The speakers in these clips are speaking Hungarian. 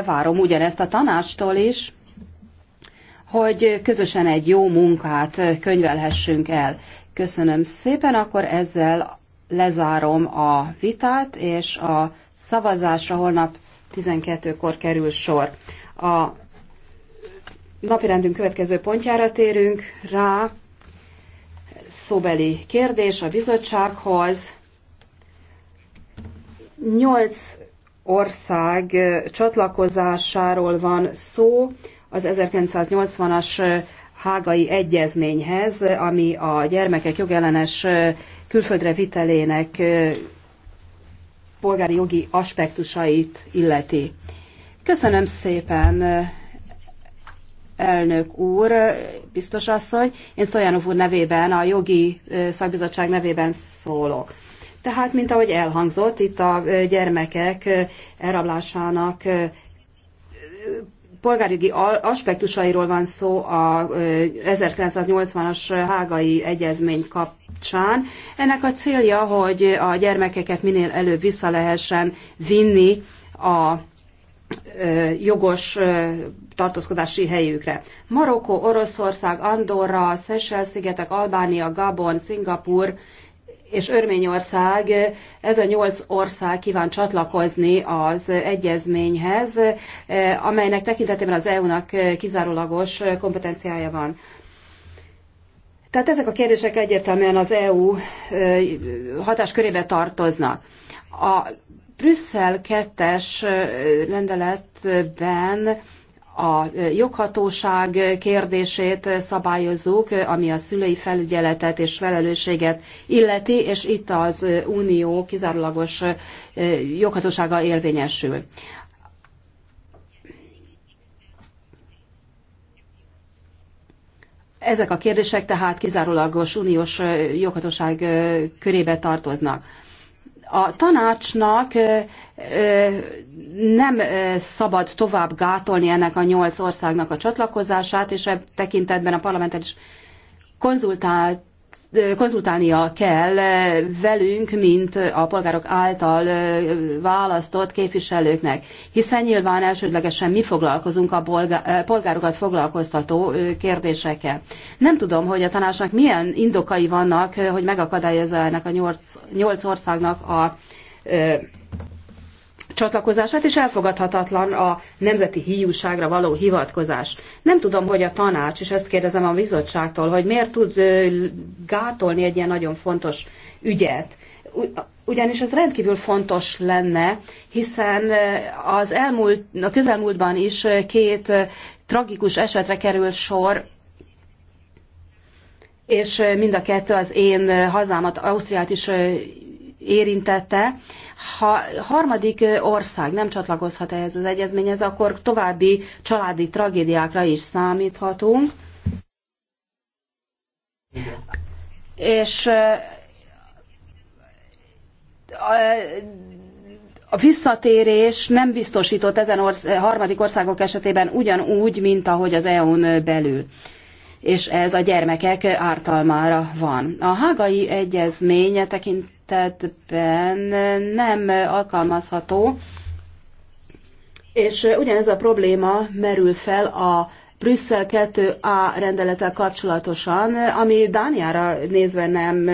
várom ugyanezt a tanácstól is, hogy közösen egy jó munkát könyvelhessünk el. Köszönöm szépen, akkor ezzel lezárom a vitát, és a szavazásra holnap 12-kor kerül sor. A napirendünk következő pontjára térünk rá, szóbeli kérdés a bizottsághoz. Nyolc ország csatlakozásáról van szó az 1980-as hágai egyezményhez, ami a gyermekek jogellenes külföldre vitelének polgári jogi aspektusait illeti. Köszönöm szépen, elnök úr, biztos asszony. Én Szolyanov úr nevében, a jogi szakbizottság nevében szólok. Tehát, mint ahogy elhangzott, itt a gyermekek elrablásának polgárjogi aspektusairól van szó a 1980-as hágai egyezmény kapcsán. Ennek a célja, hogy a gyermekeket minél előbb vissza lehessen vinni a jogos tartózkodási helyükre. Marokkó, Oroszország, Andorra, Seychelles-szigetek, Albánia, Gabon, Szingapur és Örményország, ez a nyolc ország kíván csatlakozni az egyezményhez, eh, amelynek tekintetében az EU-nak eh, kizárólagos kompetenciája van. Tehát ezek a kérdések egyértelműen az EU eh, hatáskörébe tartoznak. A Brüsszel 2-es rendeletben a joghatóság kérdését szabályozzuk, ami a szülői felügyeletet és felelősséget illeti, és itt az unió kizárólagos joghatósága érvényesül. Ezek a kérdések tehát kizárólagos uniós joghatóság körébe tartoznak. A tanácsnak nem szabad tovább gátolni ennek a nyolc országnak a csatlakozását, és e tekintetben a parlamenttel is konzultált konzultálnia kell velünk, mint a polgárok által választott képviselőknek, hiszen nyilván elsődlegesen mi foglalkozunk a polgárokat foglalkoztató kérdésekkel. Nem tudom, hogy a tanácsnak milyen indokai vannak, hogy megakadályozza ennek a nyolc, nyolc országnak a csatlakozását, és elfogadhatatlan a nemzeti hiúságra való hivatkozás. Nem tudom, hogy a tanács, és ezt kérdezem a bizottságtól, hogy miért tud gátolni egy ilyen nagyon fontos ügyet. Ugyanis ez rendkívül fontos lenne, hiszen az elmúlt, a közelmúltban is két tragikus esetre kerül sor, és mind a kettő az én hazámat, Ausztriát is érintette. Ha harmadik ország nem csatlakozhat ehhez az egyezményhez, akkor további családi tragédiákra is számíthatunk. És a visszatérés nem biztosított ezen orsz- harmadik országok esetében ugyanúgy, mint ahogy az EU-n belül és ez a gyermekek ártalmára van. A hágai egyezmény tekint tekintetben nem alkalmazható, és ugyanez a probléma merül fel a Brüsszel 2A rendelettel kapcsolatosan, ami Dániára nézve nem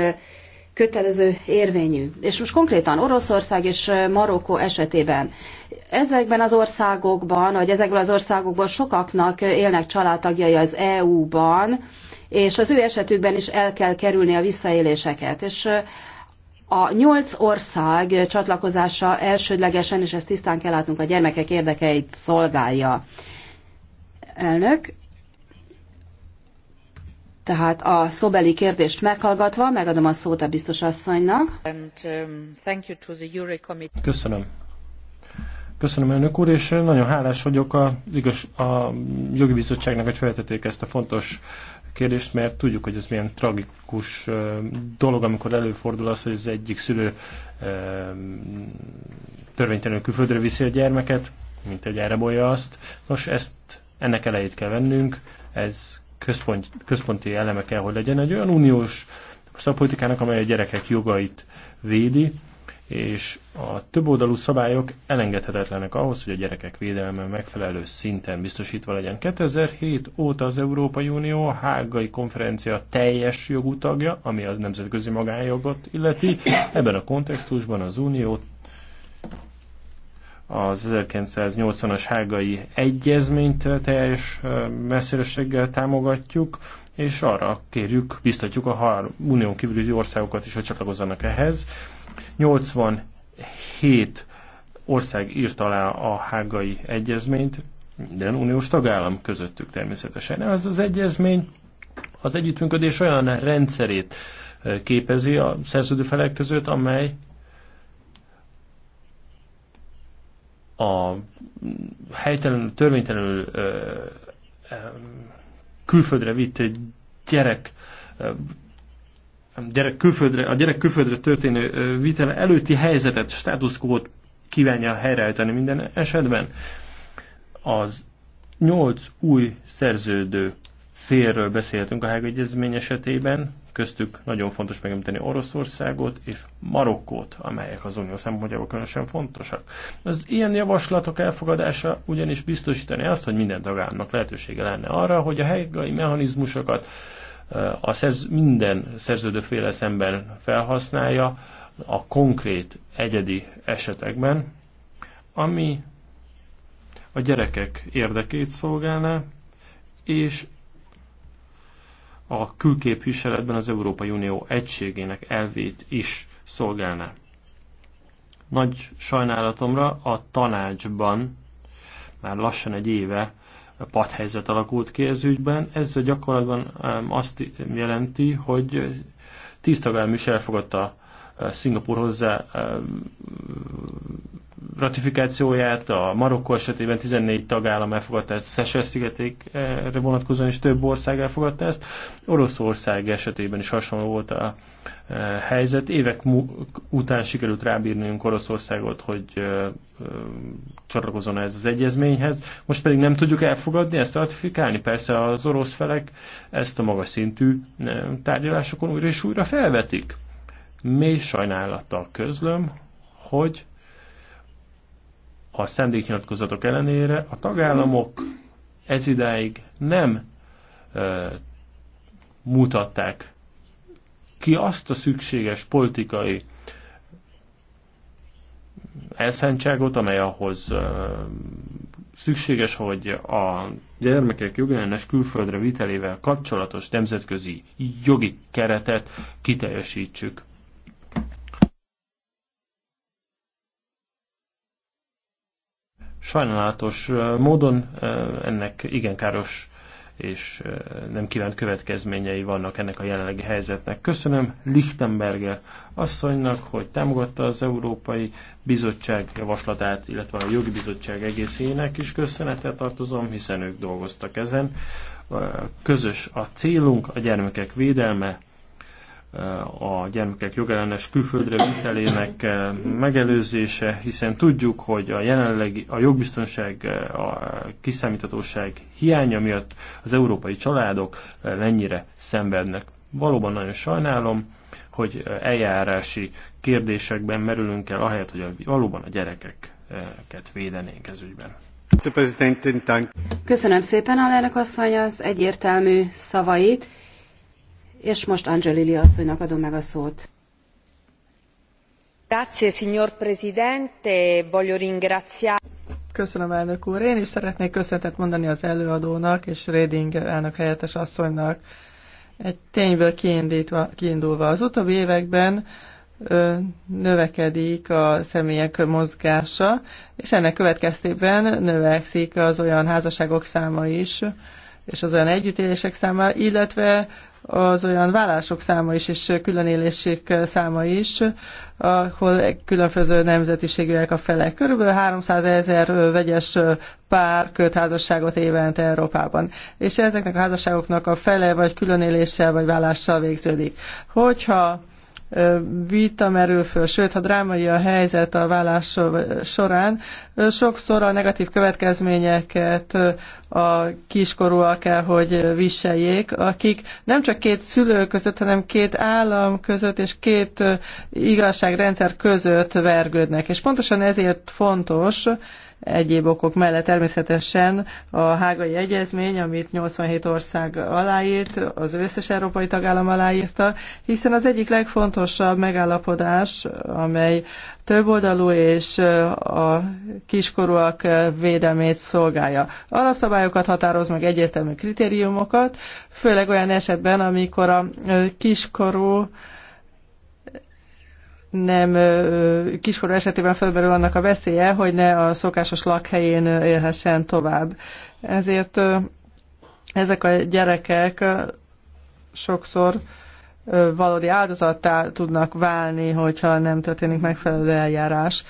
kötelező érvényű. És most konkrétan Oroszország és Marokkó esetében. Ezekben az országokban, vagy ezekből az országokból sokaknak élnek családtagjai az EU-ban, és az ő esetükben is el kell kerülni a visszaéléseket. És a nyolc ország csatlakozása elsődlegesen, és ezt tisztán kell látnunk, a gyermekek érdekeit szolgálja. Elnök, tehát a szobeli kérdést meghallgatva, megadom a szót a biztos asszonynak. Um, Köszönöm Köszönöm, elnök úr, és nagyon hálás vagyok a, igaz, a jogi bizottságnak, hogy feltették ezt a fontos kérdést, mert tudjuk, hogy ez milyen tragikus dolog, amikor előfordul az, hogy az egyik szülő törvénytelenül külföldre viszi a gyermeket, mint egy elrabolja azt. Nos, ezt ennek elejét kell vennünk, ez központ, központi eleme kell, hogy legyen egy olyan uniós szakpolitikának, amely a gyerekek jogait védi, és a többoldalú szabályok elengedhetetlenek ahhoz, hogy a gyerekek védelme megfelelő szinten biztosítva legyen. 2007 óta az Európai Unió a Hágai Konferencia teljes jogú tagja, ami a nemzetközi magánjogot illeti. Ebben a kontextusban az Unió az 1980-as hágai egyezményt teljes messzélességgel támogatjuk, és arra kérjük, biztatjuk a unión kívüli országokat is, hogy csatlakozzanak ehhez. 87 ország írt alá a hágai egyezményt, minden uniós tagállam közöttük természetesen. Ez az egyezmény az együttműködés olyan rendszerét eh, képezi a szerződő felek között, amely a helytelenül, törvénytelenül eh, külföldre vitt gyerek eh, gyerek külföldre, a gyerek külföldre történő vitele előtti helyzetet, státuszkót kívánja helyreállítani minden esetben. Az nyolc új szerződő félről beszéltünk a Hág Egyezmény esetében, köztük nagyon fontos megemlíteni Oroszországot és Marokkót, amelyek az unió szempontjából különösen fontosak. Az ilyen javaslatok elfogadása ugyanis biztosítani azt, hogy minden tagállamnak lehetősége lenne arra, hogy a helyi mechanizmusokat a szerz, minden szerződőféle szemben felhasználja a konkrét egyedi esetekben, ami a gyerekek érdekét szolgálná, és a külképviseletben az Európai Unió egységének elvét is szolgálná. Nagy sajnálatomra a tanácsban már lassan egy éve padhelyzet alakult ki ez ügyben. Ez gyakorlatban azt jelenti, hogy tíz tagállam is elfogadta eh, Szingapur hozzá ratifikációját, a Marokkó esetében 14 tagállam elfogadta ezt, Szesel-szigetékre eh, vonatkozóan is több ország elfogadta ezt. Oroszország esetében is hasonló volt a eh, helyzet. Évek után sikerült rábírnunk Oroszországot, hogy eh, csatlakozon ez az egyezményhez. Most pedig nem tudjuk elfogadni, ezt ratifikálni. Persze az orosz felek ezt a magas szintű tárgyalásokon újra és újra felvetik. Mély sajnálattal közlöm, hogy a szendéknyilatkozatok ellenére a tagállamok ez idáig nem e, mutatták ki azt a szükséges politikai elszántságot, amely ahhoz e, szükséges, hogy a gyermekek jogellenes külföldre vitelével kapcsolatos nemzetközi jogi keretet kiteljesítsük. Sajnálatos módon ennek igen káros és nem kívánt következményei vannak ennek a jelenlegi helyzetnek. Köszönöm Lichtenberger asszonynak, hogy támogatta az Európai Bizottság javaslatát, illetve a Jogi Bizottság egészének is köszönetet tartozom, hiszen ők dolgoztak ezen. Közös a célunk, a gyermekek védelme, a gyermekek jogellenes külföldre vitelének eh, megelőzése, hiszen tudjuk, hogy a jelenlegi a jogbiztonság, eh, a kiszámíthatóság hiánya miatt az európai családok eh, mennyire szenvednek. Valóban nagyon sajnálom, hogy eljárási kérdésekben merülünk el, ahelyett, hogy valóban a gyerekeket védenénk ez ügyben. Köszönöm szépen, alelnök asszony, az egyértelmű szavait. És most Angelili asszonynak adom meg a szót. Grazie, signor Presidente, voglio ringraziare. Köszönöm, elnök úr. Én is szeretnék köszönetet mondani az előadónak és Reding elnök helyettes asszonynak. Egy tényből kiindítva, kiindulva az utóbbi években növekedik a személyek mozgása, és ennek következtében növekszik az olyan házasságok száma is, és az olyan együttélések száma, illetve az olyan vállások száma is, és különélések száma is, ahol különböző nemzetiségűek a felek. Körülbelül 300 ezer vegyes pár köt házasságot évente Európában. És ezeknek a házasságoknak a fele vagy különéléssel vagy vállással végződik. Hogyha vita merül föl, sőt, ha drámai a helyzet a vállás során, sokszor a negatív következményeket a kiskorúak kell, hogy viseljék, akik nem csak két szülő között, hanem két állam között és két igazságrendszer között vergődnek. És pontosan ezért fontos, egyéb okok mellett természetesen a hágai egyezmény, amit 87 ország aláírt, az összes európai tagállam aláírta, hiszen az egyik legfontosabb megállapodás, amely többoldalú és a kiskorúak védelmét szolgálja. Alapszabályokat határoz meg egyértelmű kritériumokat, főleg olyan esetben, amikor a kiskorú nem kiskorú esetében felmerül annak a veszélye, hogy ne a szokásos lakhelyén élhessen tovább. Ezért ezek a gyerekek sokszor valódi áldozattá tudnak válni, hogyha nem történik megfelelő eljárás.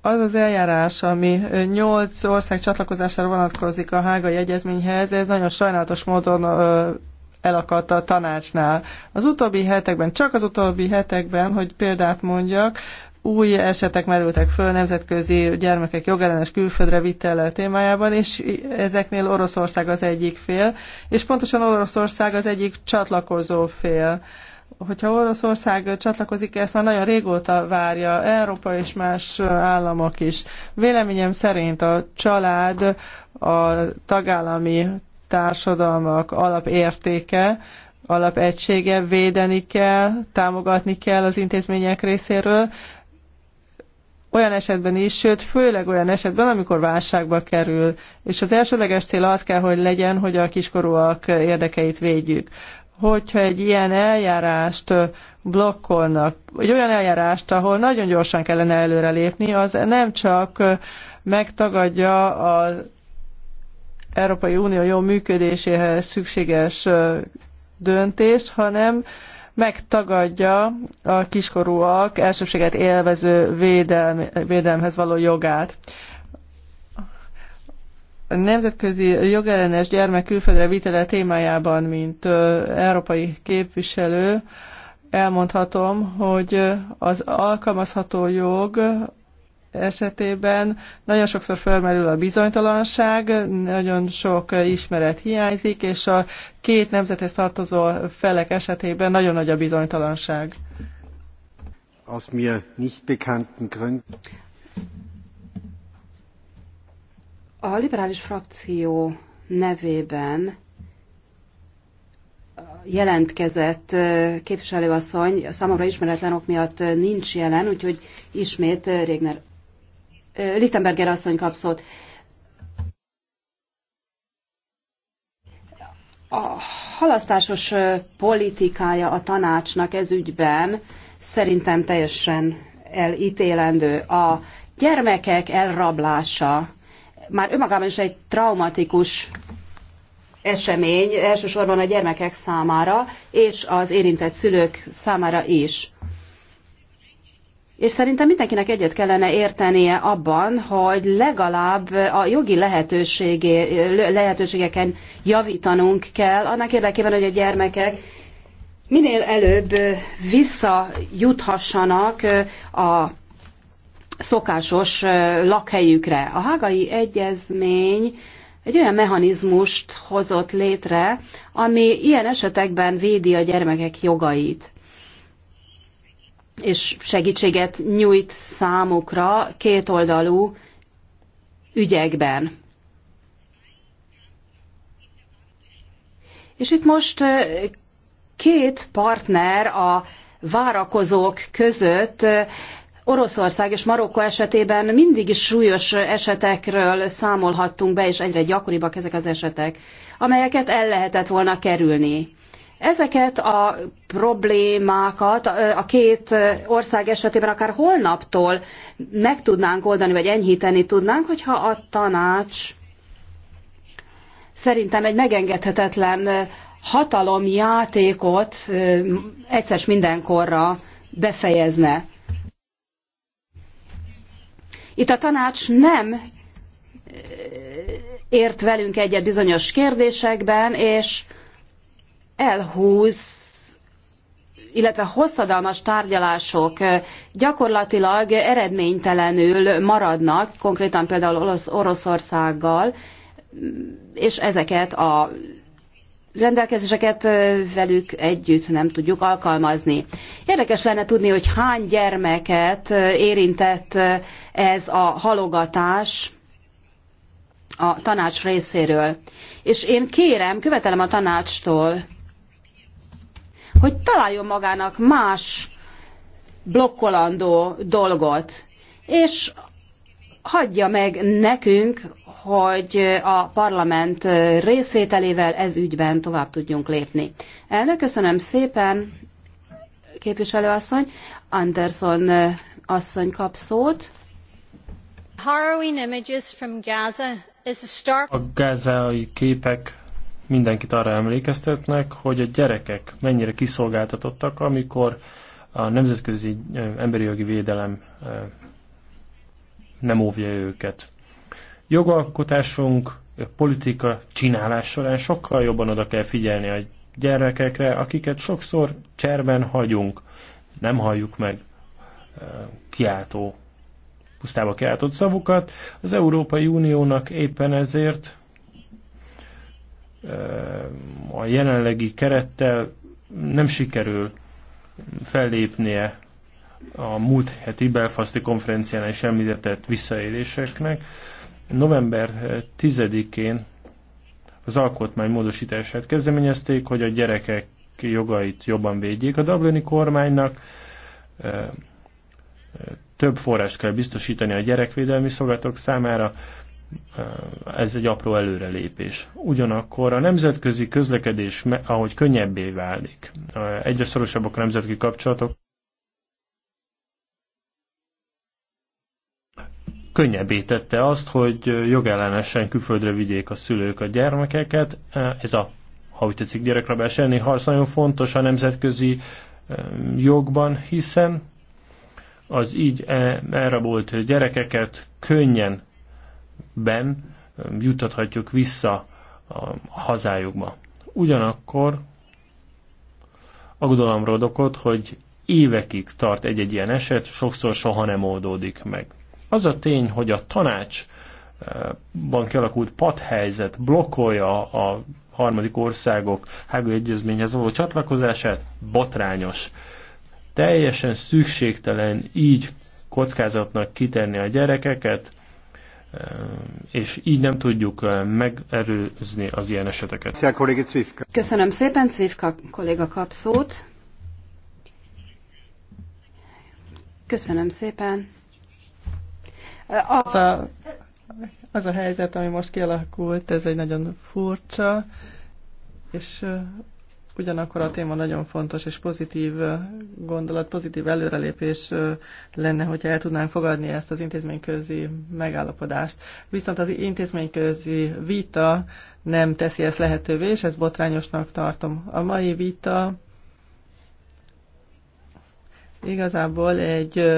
Az az eljárás, ami nyolc ország csatlakozására vonatkozik a hágai egyezményhez, ez nagyon sajnálatos módon elakadt a tanácsnál. Az utóbbi hetekben, csak az utóbbi hetekben, hogy példát mondjak, új esetek merültek föl nemzetközi gyermekek jogellenes külföldre vitele témájában, és ezeknél Oroszország az egyik fél, és pontosan Oroszország az egyik csatlakozó fél. Hogyha Oroszország csatlakozik, ezt már nagyon régóta várja Európa és más államok is. Véleményem szerint a család a tagállami társadalmak alapértéke, alapegysége, védeni kell, támogatni kell az intézmények részéről, olyan esetben is, sőt, főleg olyan esetben, amikor válságba kerül. És az elsőleges cél az kell, hogy legyen, hogy a kiskorúak érdekeit védjük. Hogyha egy ilyen eljárást blokkolnak, egy olyan eljárást, ahol nagyon gyorsan kellene előrelépni, az nem csak megtagadja az Európai Unió jó működéséhez szükséges döntést, hanem megtagadja a kiskorúak elsőbséget élvező védelm, védelemhez való jogát. A nemzetközi jogellenes gyermek külföldre vitele témájában, mint európai képviselő, elmondhatom, hogy az alkalmazható jog esetében nagyon sokszor felmerül a bizonytalanság, nagyon sok ismeret hiányzik, és a két nemzethez tartozó felek esetében nagyon nagy a bizonytalanság. Aus mir nicht bekannten Gründen. A liberális frakció nevében jelentkezett képviselőasszony számomra ismeretlen ok miatt nincs jelen, úgyhogy ismét Régner Littenberger asszony kap szót. A halasztásos politikája a tanácsnak ez ügyben szerintem teljesen elítélendő. A gyermekek elrablása már önmagában is egy traumatikus esemény, elsősorban a gyermekek számára, és az érintett szülők számára is. És szerintem mindenkinek egyet kellene értenie abban, hogy legalább a jogi lehetőségé, lehetőségeken javítanunk kell, annak érdekében, hogy a gyermekek minél előbb visszajuthassanak a szokásos lakhelyükre. A hágai egyezmény egy olyan mechanizmust hozott létre, ami ilyen esetekben védi a gyermekek jogait és segítséget nyújt számukra kétoldalú ügyekben. És itt most két partner a várakozók között Oroszország és Marokko esetében mindig is súlyos esetekről számolhattunk be, és egyre gyakoribbak ezek az esetek, amelyeket el lehetett volna kerülni. Ezeket a problémákat a két ország esetében akár holnaptól meg tudnánk oldani, vagy enyhíteni tudnánk, hogyha a tanács szerintem egy megengedhetetlen hatalomjátékot egyszer mindenkorra befejezne. Itt a tanács nem ért velünk egyet bizonyos kérdésekben, és elhúz, illetve hosszadalmas tárgyalások gyakorlatilag eredménytelenül maradnak, konkrétan például Orosz, Oroszországgal, és ezeket a rendelkezéseket velük együtt nem tudjuk alkalmazni. Érdekes lenne tudni, hogy hány gyermeket érintett ez a halogatás a tanács részéről. És én kérem, követelem a tanácstól, hogy találjon magának más blokkolandó dolgot, és hagyja meg nekünk, hogy a parlament részvételével ez ügyben tovább tudjunk lépni. Elnök, köszönöm szépen, képviselőasszony. Anderson asszony kap szót. A gázai képek mindenkit arra emlékeztetnek, hogy a gyerekek mennyire kiszolgáltatottak, amikor a nemzetközi emberi jogi védelem nem óvja őket. Jogalkotásunk, politika csinálás során sokkal jobban oda kell figyelni a gyerekekre, akiket sokszor cserben hagyunk, nem halljuk meg kiáltó, pusztába kiáltott szavukat. Az Európai Uniónak éppen ezért a jelenlegi kerettel nem sikerül fellépnie a múlt heti belfasti konferencián is említett visszaéléseknek. November 10-én az alkotmány módosítását kezdeményezték, hogy a gyerekek jogait jobban védjék. A dublini kormánynak több forrást kell biztosítani a gyerekvédelmi szolgálatok számára, ez egy apró előrelépés. Ugyanakkor a nemzetközi közlekedés, ahogy könnyebbé válik, egyre szorosabbak a nemzetközi kapcsolatok, könnyebbé tette azt, hogy jogellenesen külföldre vigyék a szülők a gyermekeket. Ez a, ha úgy tetszik, gyerekrabás elleni harc nagyon fontos a nemzetközi jogban, hiszen az így e- elrabolt gyerekeket könnyen ben juttathatjuk vissza a hazájukba. Ugyanakkor aggodalomra okot, hogy évekig tart egy-egy ilyen eset, sokszor soha nem oldódik meg. Az a tény, hogy a tanácsban kialakult padhelyzet blokkolja a harmadik országok hágó egyezményhez való csatlakozását, botrányos. Teljesen szükségtelen így kockázatnak kitenni a gyerekeket, és így nem tudjuk megerőzni az ilyen eseteket. Köszönöm szépen, Cvivka kolléga kap szót. Köszönöm szépen. Az a, az a helyzet, ami most kialakult, ez egy nagyon furcsa, és Ugyanakkor a téma nagyon fontos és pozitív gondolat, pozitív előrelépés lenne, hogyha el tudnánk fogadni ezt az intézményközi megállapodást. Viszont az intézményközi vita nem teszi ezt lehetővé, és ezt botrányosnak tartom. A mai vita igazából egy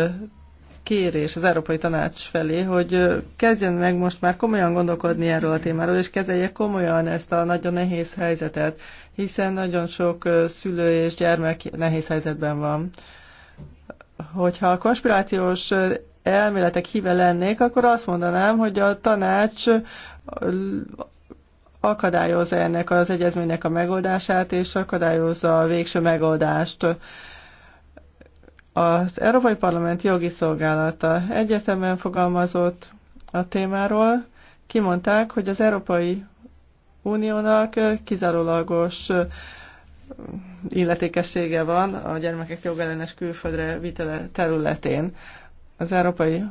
kérés az Európai Tanács felé, hogy kezdjen meg most már komolyan gondolkodni erről a témáról, és kezelje komolyan ezt a nagyon nehéz helyzetet, hiszen nagyon sok szülő és gyermek nehéz helyzetben van. Hogyha a konspirációs elméletek híve lennék, akkor azt mondanám, hogy a tanács akadályozza ennek az egyezménynek a megoldását, és akadályozza a végső megoldást. Az Európai Parlament jogi szolgálata egyértelműen fogalmazott a témáról, kimondták, hogy az Európai Uniónak kizárólagos illetékessége van a gyermekek jogellenes külföldre vitele területén. Az Európai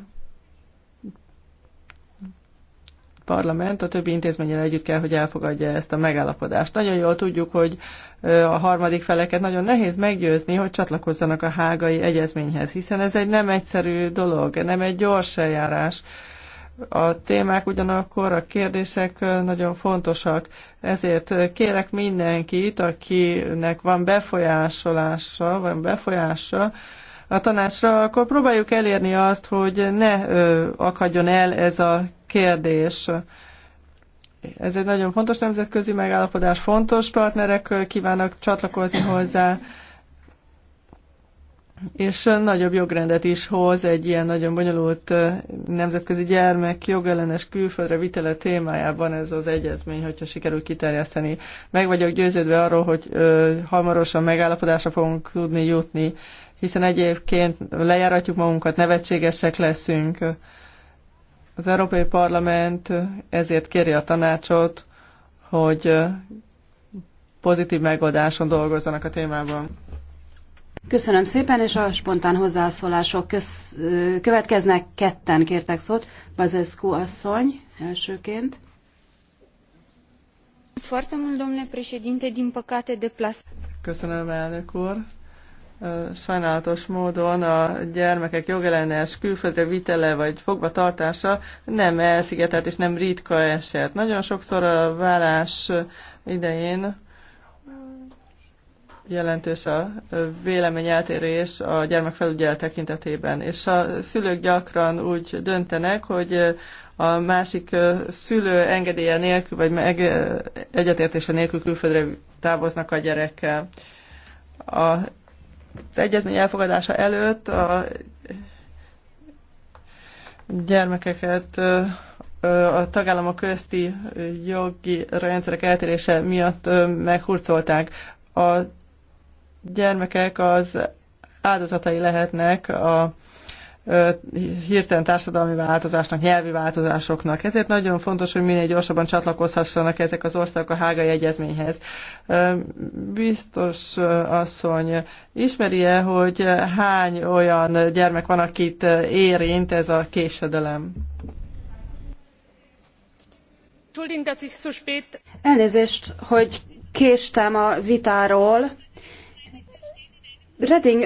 Parlament a többi intézménnyel együtt kell, hogy elfogadja ezt a megállapodást. Nagyon jól tudjuk, hogy a harmadik feleket nagyon nehéz meggyőzni, hogy csatlakozzanak a hágai egyezményhez, hiszen ez egy nem egyszerű dolog, nem egy gyors eljárás a témák ugyanakkor, a kérdések nagyon fontosak. Ezért kérek mindenkit, akinek van befolyásolása, vagy befolyása, a tanácsra, akkor próbáljuk elérni azt, hogy ne ö, akadjon el ez a kérdés. Ez egy nagyon fontos nemzetközi megállapodás, fontos partnerek kívánnak csatlakozni hozzá, és nagyobb jogrendet is hoz egy ilyen nagyon bonyolult nemzetközi gyermek jogellenes külföldre vitele témájában ez az egyezmény, hogyha sikerül kiterjeszteni. Meg vagyok győződve arról, hogy ö, hamarosan megállapodásra fogunk tudni jutni, hiszen egyébként lejáratjuk magunkat, nevetségesek leszünk. Az Európai Parlament ezért kéri a tanácsot, hogy pozitív megoldáson dolgozzanak a témában. Köszönöm szépen, és a spontán hozzászólások köz, következnek. Ketten kértek szót. Bazescu asszony elsőként. Köszönöm, elnök úr. Sajnálatos módon a gyermekek jogellenes külföldre vitele vagy fogvatartása nem elszigetelt és nem ritka eset. Nagyon sokszor a vállás idején jelentős a véleményeltérés a gyermekfelügyelet tekintetében, és a szülők gyakran úgy döntenek, hogy a másik szülő engedélye nélkül, vagy meg, egyetértése nélkül külföldre távoznak a gyerekkel. A, az egyezmény elfogadása előtt a gyermekeket a tagállamok közti jogi rendszerek eltérése miatt meghurcolták. A gyermekek az áldozatai lehetnek a hirtelen társadalmi változásnak, nyelvi változásoknak. Ezért nagyon fontos, hogy minél gyorsabban csatlakozhassanak ezek az országok a hágai egyezményhez. Biztos asszony, ismeri-e, hogy hány olyan gyermek van, akit érint ez a késedelem? Elnézést, hogy késtem a vitáról Reding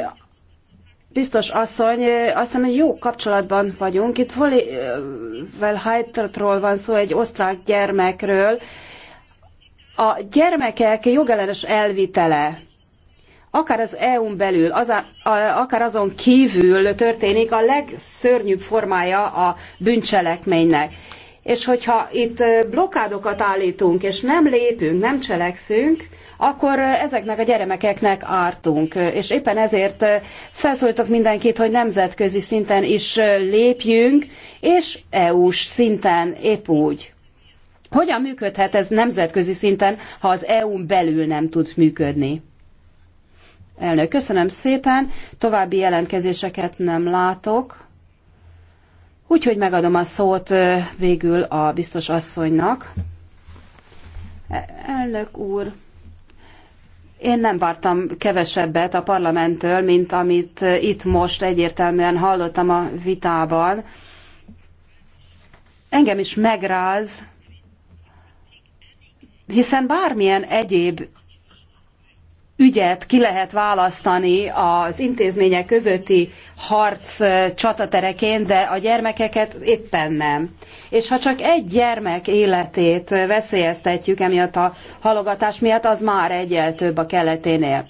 biztos asszony, azt hiszem, hogy jó kapcsolatban vagyunk. Itt Volivel Heitról van szó, egy osztrák gyermekről. A gyermekek jogellenes elvitele akár az EU-n belül, az a, a, akár azon kívül történik a legszörnyűbb formája a bűncselekménynek és hogyha itt blokkádokat állítunk, és nem lépünk, nem cselekszünk, akkor ezeknek a gyermekeknek ártunk. És éppen ezért felszólítok mindenkit, hogy nemzetközi szinten is lépjünk, és EU-s szinten épp úgy. Hogyan működhet ez nemzetközi szinten, ha az EU-n belül nem tud működni? Elnök, köszönöm szépen. További jelentkezéseket nem látok. Úgyhogy megadom a szót végül a biztos asszonynak. E, elnök úr, én nem vártam kevesebbet a parlamenttől, mint amit itt most egyértelműen hallottam a vitában. Engem is megráz, hiszen bármilyen egyéb ügyet ki lehet választani az intézmények közötti harc csatatereként, de a gyermekeket éppen nem. És ha csak egy gyermek életét veszélyeztetjük emiatt a halogatás miatt, az már egyel több a keleténél.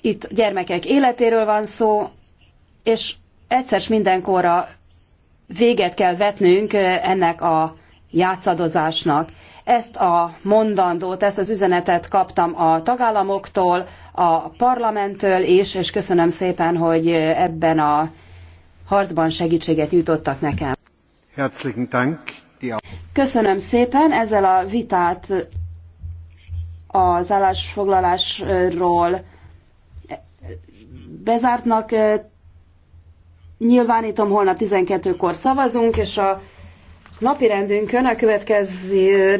Itt gyermekek életéről van szó, és egyszer mindenkorra véget kell vetnünk ennek a játszadozásnak. Ezt a mondandót, ezt az üzenetet kaptam a tagállamoktól, a parlamenttől is, és köszönöm szépen, hogy ebben a harcban segítséget nyújtottak nekem. Herzlichen Dank. Köszönöm szépen, ezzel a vitát az állásfoglalásról bezártnak nyilvánítom, holnap 12-kor szavazunk, és a napirendünkön a következő